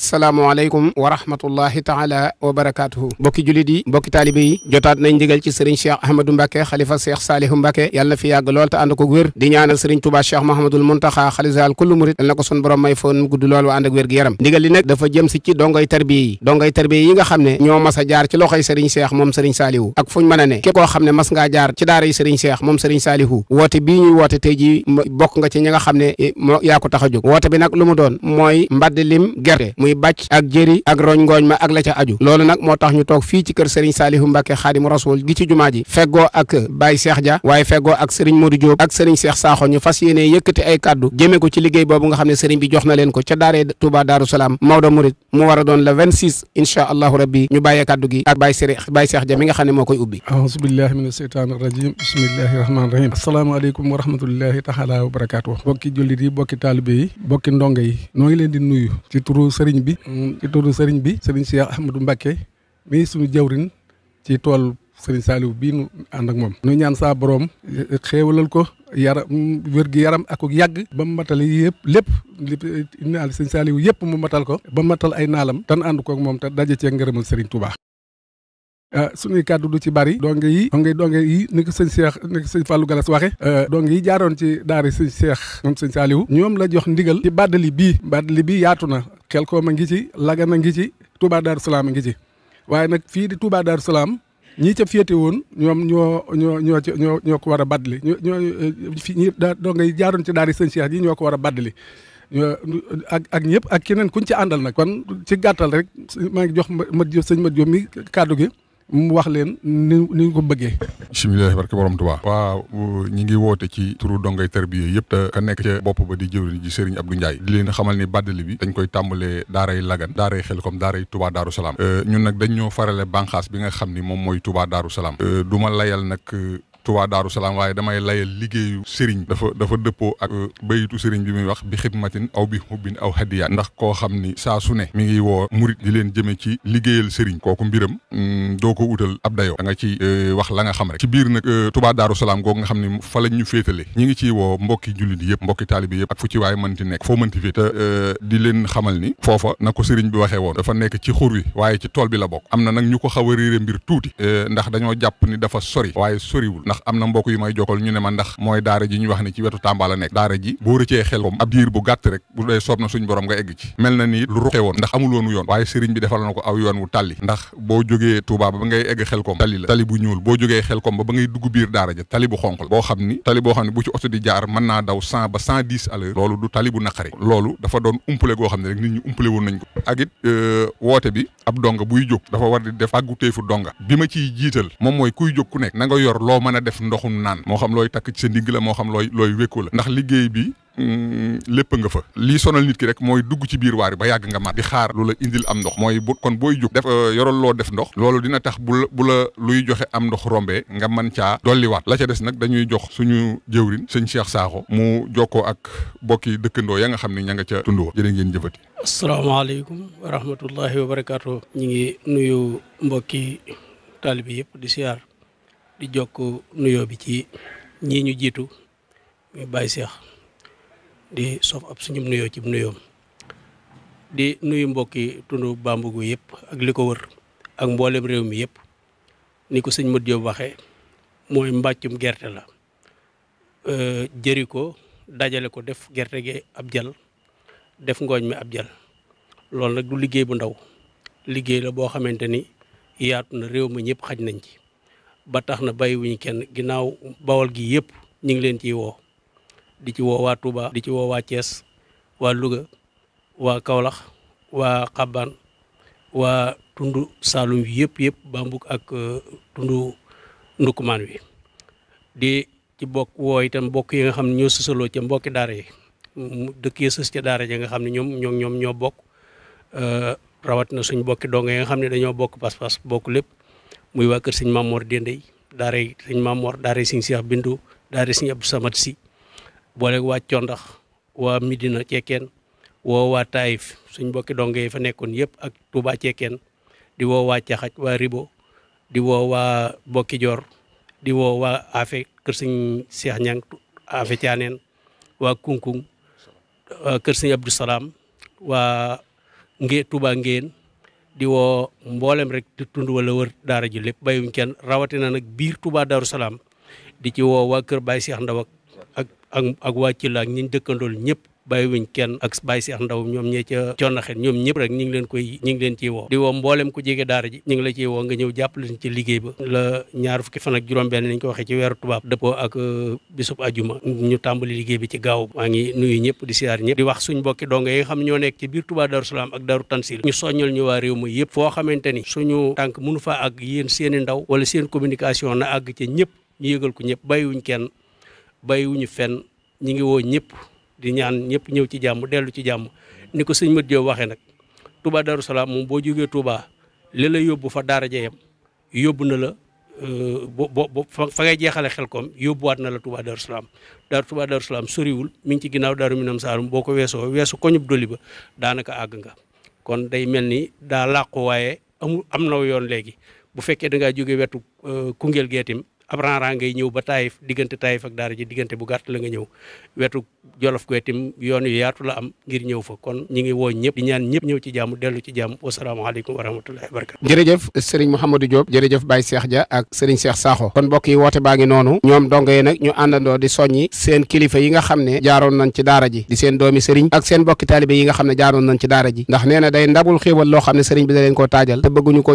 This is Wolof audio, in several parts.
salaamaaleykum wa rahmatullahi taala wa barakaatuhu mbokki jullit yi mbokki taalibe yi jotaat nañ ndigal ci sëriñ cheikh ahmadou mbàkke xalifa cheikh saalihu mbàkke yàlla na fi yàgg lool te ànd ko wér di ñaanal sëriñ touba cheikh mahamadul muntaxa xalisaal kullu murit yal na ko sun borom may foon gudd lool wa ànd ak wér gu yaram ndigal li nag dafa jëm si ci dongoy tarbiye yi dongoy tarbiye yi nga xam ne ñoo mas a jaar ci loxoy sëriñ cheikh moom sëriñ saalihu ak fuñ mën a ne képp koo xam ne mas ngaa jaar ci daara yi sëriñ cheikh moom sëriñ saalihu bokk nga ci xam ne eh, yaa ko tax a jóg woote bi nag lu mu doon mooy mbaddi lim gerte muy bàcc ak jëri ak roñ ngooñ ma ak la ca aju loolu nag moo tax ñu toog fii ci kër Serigne Saalihu Mbàkke Xaadimu Rasuul gi ci jumaa ji feggoo ak Baye Cheikh Dia waaye feggoo ak Serigne Modou Diop ak Serigne Cheikh Sakho ñu fas yéene yëkkati ay kàddu jëmee ko ci liggéey boobu nga xam ne Serigne bi jox na leen ko ca daaree Touba Daaru Salaam Maodo Murid mu war a doon le 26 allahu rabbi ñu bàyyee kàddu gi ak Baye Serigne Baye mi nga xam ne moo koy ubbi aousubillahi mina sheytaan irajim bismillahi rahmaani rahim asalaamaaleykum wa rahmatullahi taala wa barakatuh bokki jullit yi bokki sëriñ bi mm. ci turu sëriñ bi sëriñ Cheikh Ahmadou Mbacké mii suñu jawrin ci tool sëriñ Saliou bii nu àndak moom nu ñaan saa boroom eh, xéewalal ko yaram wér gi yaram ak yàgg ba mu matal yëpp lépp eh, naal sëriñ Saliou yëpp mu matal ko ba matal ay naalam tan ànd kook moom te daje cee ngërëmal sëriñ Touba eh, suñuy kàddu du ci bari donge yi donge donge yi ni sëñ Cheikh ni sëñ Fallou Galas waxe donge yi jaaroon ci daari sëñ Cheikh moom sëñ Saliou ñoom la jox ndigal ci bàddali Xelkom a ngi ci Lagana ngi ci Touba Darou Salaam a ngi ci waaye nag fii di Touba Darou Salaam ñii ca féete woon ñoom ñoo ñoo ñoo ñoo ñoo ko war a baddali ñoo ñoo eh, fi ñii daa doo ngay jaaroon ci daari sëñ Cheikh yi ñoo ko war a baddali ak ak ñëpp ak keneen kuñ ci àndal nag kon ci gàttal rek maa ngi jox ma mat sëñ mat mi kàddu gi mu wax leen ni ni ñu ko bëggee bisimilah barke borom Tuubaa waaw ñi ngi woote ci turu dongay bi yëpp te ka nekk ca bopp ba di jëwriñ ji Serigne Abdou Ndiaye di leen xamal ni baddali bi dañ koy tàmbalee daaray lagan daaray xel comme daaray tubaa Daaru Salaam ñun nag dañ ñoo farale banqaas bi nga xam ni moom mooy tubaa Daaru Salaam du ma layal nag Touba Daaru Salaam waaye damay layal liggéeyu sëriñ dafa dafa dëppoo ak euh, bayitu sëriñ bi muy wax bi xidmatin aw bi hubbin aw hadiya ndax koo xam ni saa su ne mi ngi woo murit di leen jëme ci liggéeyal sëriñ kooku mbiram mm, doo ko utal ab dayoo da nga ci euh, wax la nga xam rek ci biir nag euh, Touba Daaru Salaam googu nga xam ne fa lañ ñu féetale ñi ngi ciy woo mbokki jullit yëpp mbokki taalibi yëpp ak fu ci waaye mënti nekk foo mënti féete di leen xamal ni foofa na ko sëriñ bi waxee woon dafa nekk ci xur wi waaye ci tool bi la bokk am na nag ñu ko xaw a réere mbir tuuti ndax dañoo jàpp ni dafa sori waaye soriwul ndax am na mbokk yu may jokal ñu ne ma ndax mooy daara ji ñu wax ci wetu Tamba la nekk daara ji boo rëccee xelkom ab diir bu gàtt rek bu dee bu boo jógee xelkom ba ba ngay dugg biir daara ja tali bu xonq la boo xam ni tali boo xam ne bu ci oto di jaar mën naa daw cent euh, bi ab donga buy jóg dafa war di def àggu téefu donga bi ma ciy jiital moom mooy kuy jóg ku nekk na yor loo mën a def ndoxum naan moo xam looy takk ci sa ndigg la moo xam looy looy wékku la ndax liggéey bi mm, lépp nga fa lii sonal nit ki rek mooy dugg ci biir waar yi ba yàgg nga mat di xaar lu la indil am ndox mooy bu kon booy jóg def euh, yoral loo def ndox loolu dina tax bu la la luy joxe am ndox rombee nga ca caa dolliwaat la ca des nag dañuy jox suñu jëwrin sëñ Cheikh Sakho mu jokkoo ak bokki dëkkandoo ya nga xam ne ña nga ca tundoo jërë ngeen jëfati asalaamaaleykum wa rahmatullahi wa barakaatu ñi ngi di jokk nuyoo bi ci ñii ñu jiitu muy Baye Cheikh di sof ab suñu nuyoo ci nuyoom di nuyu mbokki tundu Bambougou yëpp ak li ko wër ak mboolem réew mi yëpp ni ko sëñ Modou Diop waxee mooy mbàccum gerte la jëri ko dajale ko def gerte gi ab jal def ngooñ mi ab jal loolu nag du liggéey bu ndaw liggéey la boo xamante ni yaatu na réew ma ñëpp xaj nañ ci ba tax na bàyyiwuñu kenn ginnaaw bawal gi yëpp ñu ngi leen ciy woo di ci woo waa Touba di ci woo waa Thiès waa Louga waa kawlax waa Xabaan waa tund Saalum bi yëpp yëpp Bambuk ak euh, tundu Ndukumaan wi di ci bokk woo itam mbokk yi nga xam ne ñoo sësaloo ca mbokki daara yi dëkk ya sës ca daara nga xam ne ñoom ñoo ñoom ñoo bokk euh, na suñ bokki donga yi nga xam ne dañoo bokk pas-pas bokk lépp muy waa kër sëñ Mamor Dendey daaray sëñ Mamor daaray sëñ Cheikh Bindu daaray sëñ Abdou Samad Si booleeg waa Condax waa Midina Cekkeen woo waa Taïf suñ mbokki donge yi fa nekkoon yëpp ak Touba Cekkeen di woo waa Caxaj waa Ribo di woo waa Bokki Joor di woo waa Afe kër sëñ Cheikh Ñang Afe Caaneen waa Kunkung waa kër sëñ Abdou Salaam waa Ngé Touba di woo mboolem rek di tund wala wër daara ji lépp bayuñ kenn rawatina nag biir Touba Darou Salaam di ci woo waa kër Baye Cheikh Ndaw ak ak ak waa Cilla ak ñi dëkkandool ñëpp bàyyi wuñ kenn ak bàyyi seex ak ndaw ñoom ñee ca coono ñoom ñëpp rek ñu ngi leen koy ñu ngi leen ciy woo di woo mboolem ku jege daara ji ñu ngi la ciy woo nga ñëw jàppale ci liggéey ba la ñaar fukki fan ak juróom-benn nañ ñu ko waxee ci weeru tubaab dëppoo ak euh, bisub ajuma ñu tàmbali liggéey bi ci gaaw maa ngi nuyu ñëpp di siyaar ñëpp di wax suñ mbokki dongo yi nga xam ñoo nekk ci biir Touba Darou Salam ak Darou Tansil ñu soññal ñu waa réew mi yëpp foo xamante ni suñu tànk mënu fa ak yéen seeni ndaw wala seen communication na àgg ca ñëpp ñu yëgal ko ñëpp bàyyiwuñ kenn bàyyiwuñu fenn ñi ngi woo ñëpp di ñaan ñëpp ñëw ci jàmm dellu ci jàmm ni ko sëñ Mat Joob waxee nag Touba Darou Salaam moom boo jógee Touba li la yóbbu fa daara jeyam yóbbu na la euh, bo bo fa ngay jeexale xel koom yóbbuwaat na la Touba Darou Salaam daaru Touba Darou Salaam soriwul mi ngi ci ginnaaw daaru Minam Saalum boo ko weesoo weesu koñub doli ba daanaka àgg nga kon day mel ni daa làqu waaye amul am na yoon léegi bu fekkee da ngaa jóge wetu euh, Koungheul geetim ab ranran ngay ñëw ba taayif diggante taayif daara ji diggante bu gàtt nga ñëw wetu jolof ko itam yoon yu yaatu la am ngir ñëw fa kon ñi woo ñëpp di ñaan ñëpp ñëw ci jàmm dellu ci jàmm wasalaamaaleykum wa rahmatullahi wa barakatu jërëjëf sëriñ Mouhamadou Diop jërëjëf Baye Cheikh Dia ak sëriñ Cheikh Sakho kon mbokk woote baa ngi noonu ñoom dongo yi nag ñu àndandoo di soññi seen kilifa yi nga xam ne jaaroon nañ ci daara ji di seen doomi sëriñ ak seen bokki taalibe yi nga xam ne jaaroon nañ ci daara ji ndax nee day ndabul xéewal loo xam ne sëriñ bi da leen koo taajal te bëgguñu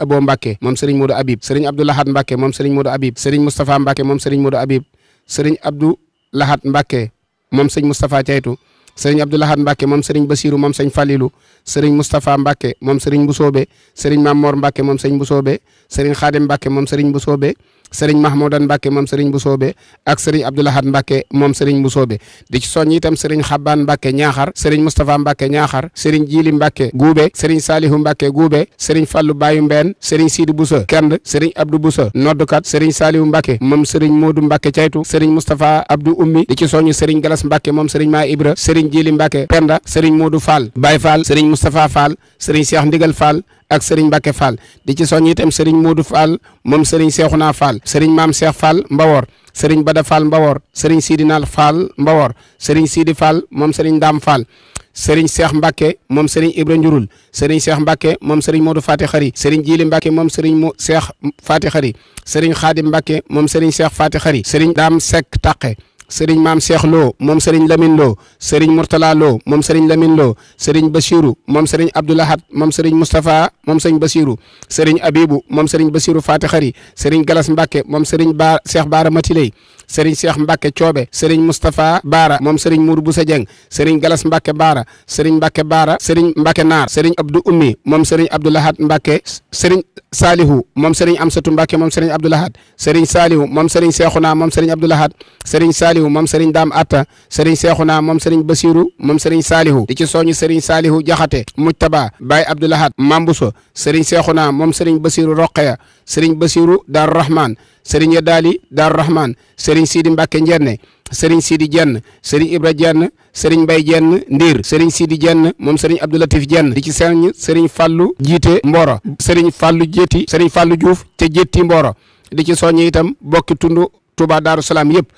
Abo Mbacke moom Serigne Modou Habib Serigne Abdou Lahad Mbacke moom Serigne Modou Habib Serigne Moustapha Mbacke moom Serigne Modou Habib Serigne Abdou Lahad Mbacke moom sëñ Moustapha Caytu Serigne Abdou Lahad Mbacke moom Serigne Bassirou moom sëñ Falilou Serigne Moustapha Mbacke moom Serigne Bousobe Serigne Mamor Mbacke moom sëñ Bousobe Serigne Khadim Mbacke moom Serigne Bousobe sëriñ Mahmoudan Mbacke moom sëriñ bu soobe ak sëriñ Abdoulahad Mbacke moom sëriñ bu soobe di ci soññ itam sëriñ Xabbaan Mbacke ñaaxar sëriñ Moustapha Mbacke ñaaxar sëriñ Jili Mbacke guube sëriñ Salihu Mbacke guube sëriñ Fallu Bayu Mbeen sëriñ Sidi Boussa Kend sëriñ Abdou Boussa noddukat sëriñ Salihu Mbacke moom sëriñ Modou Mbacke caytu sëriñ Moustapha Abdou Ummi di ci soññ sëriñ Galas Mbacke moom sëriñ Maa Ibra sëriñ Jili Mbacke Penda sëriñ Modou Fall Baye Fall sëriñ Moustapha Fall sëriñ Cheikh Ndigal Fall ak sëriñ Mbacke Fall di ci soñ itam sëriñ Modou Fall moom sëriñ Cheikhouna Fall sëriñ Maam Cheikh Fall Mbawor sëriñ Bada Fall Mbawor sëriñ Sidinaal Fall Mbawor sëriñ Sidi Fall moom sëriñ Daam Fall sëriñ Cheikh Mbacke moom sëriñ Ibra Njurul sëriñ Cheikh Mbacke moom sëriñ Modou Fati Xari sëriñ Jili Mbacke moom sëriñ mo faati Fati Xari seriñ Xaadim Mbacke moom sëriñ Cheikh Fati Xari sëriñ Daam sek Taqe sëriñ maam Cheikh loo moom sëriñ Lamine Lo sëriñ Mourtala loo moom sëriñ Lamine Lo sëriñ Bachirou moom sëriñ Abdoulahat moom sëriñ Moustapha moom sëriñ Bachirou sëriñ Abibou moom sëriñ Bachirou Fatixari sëriñ Galas Mbacke moom sëriñ Ba Cheikh Baara Matiley sëriñ Cheikh Mbacke Coobe sëriñ Moustapha Baara moom sëriñ Mour Boussa Dieng sëriñ Galas Mbacke Baara sëriñ Mbacke Baara sëriñ Mbacke Naar sëriñ Abdou Ummi moom sëriñ Abdoulahat Mbacke sëriñ Salihu moom sëriñ Amsatu Mbacke moom sëriñ Abdoulahat sëriñ Salihu moom sëriñ Cheikhouna moom sëriñ Abdoulahat sëriñ Salihu saalihu moom sëriñ daam atta sëriñ seexuna moom sëriñ basiru moom sëriñ saalihu di ci sooñu sëriñ saalihu jaxate mujtaba baay abdoulahat mambuso sëriñ seexuna moom sëriñ basiru roqeya sëriñ basiru daaru rahman sëriñ yadaali daaru rahman sëriñ siidi mbàkke njenne sëriñ Sidi Jenn sëriñ Ibra Jenn sëriñ Mbay Jenn Ndiir sëriñ Sidi Jenn moom sëriñ Abdoulatif Jenn di ci sëriñ sëriñ Fàllu jiite Mboro sëriñ Fàllu jétti sëriñ Fàllu Juuf te jétti Mboro di ci soññi bokki tundu Touba Darou Salaam yëpp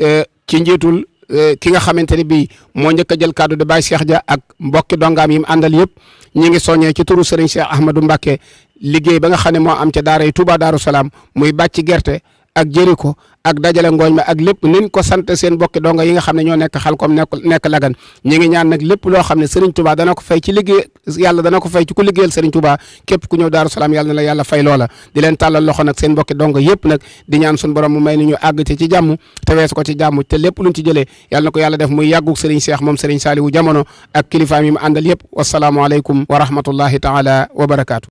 euh, ci njiitul euh, ki nga xamante ne bii moo njëkk a jël kàddu de Baye Cheikh Dia ak mbokki dongaam yi mu àndal yëpp ñi ngi soññee ci turu Serigne Cheikh Ahmadou Mbacké liggéey ba nga xam ne moo am ca daara yi Touba Darou Salaam muy bàcc gerte ak jëri ko ak dajale ngooñ ma ak lépp niñ ko sant seen bokki donga yi nga xam ne ñoo nekk Xalkom nekk nekk Lagan ñi ngi ñaan nag lépp loo xam ne Serigne Touba dana ko fay ci liggéey yàlla dana ko fay ci ku liggéeyal Serigne Touba képp ku ñëw Daaru Salaam yàlla na la yàlla fay loola di leen tàllal loxo nag seen bokki donga yëpp nag di ñaan suñu borom mu may ni ñu àgg ci ci jàmm te weesu ko ci jàmm te lépp luñ ci jëlee yàlla na ko yàlla def muy yàggug Serigne Cheikh moom Serigne Saliou jamono ak kilifaam yi mu àndal yëpp wasalaamualeykum wa rahmatullahi taala wa barakaatu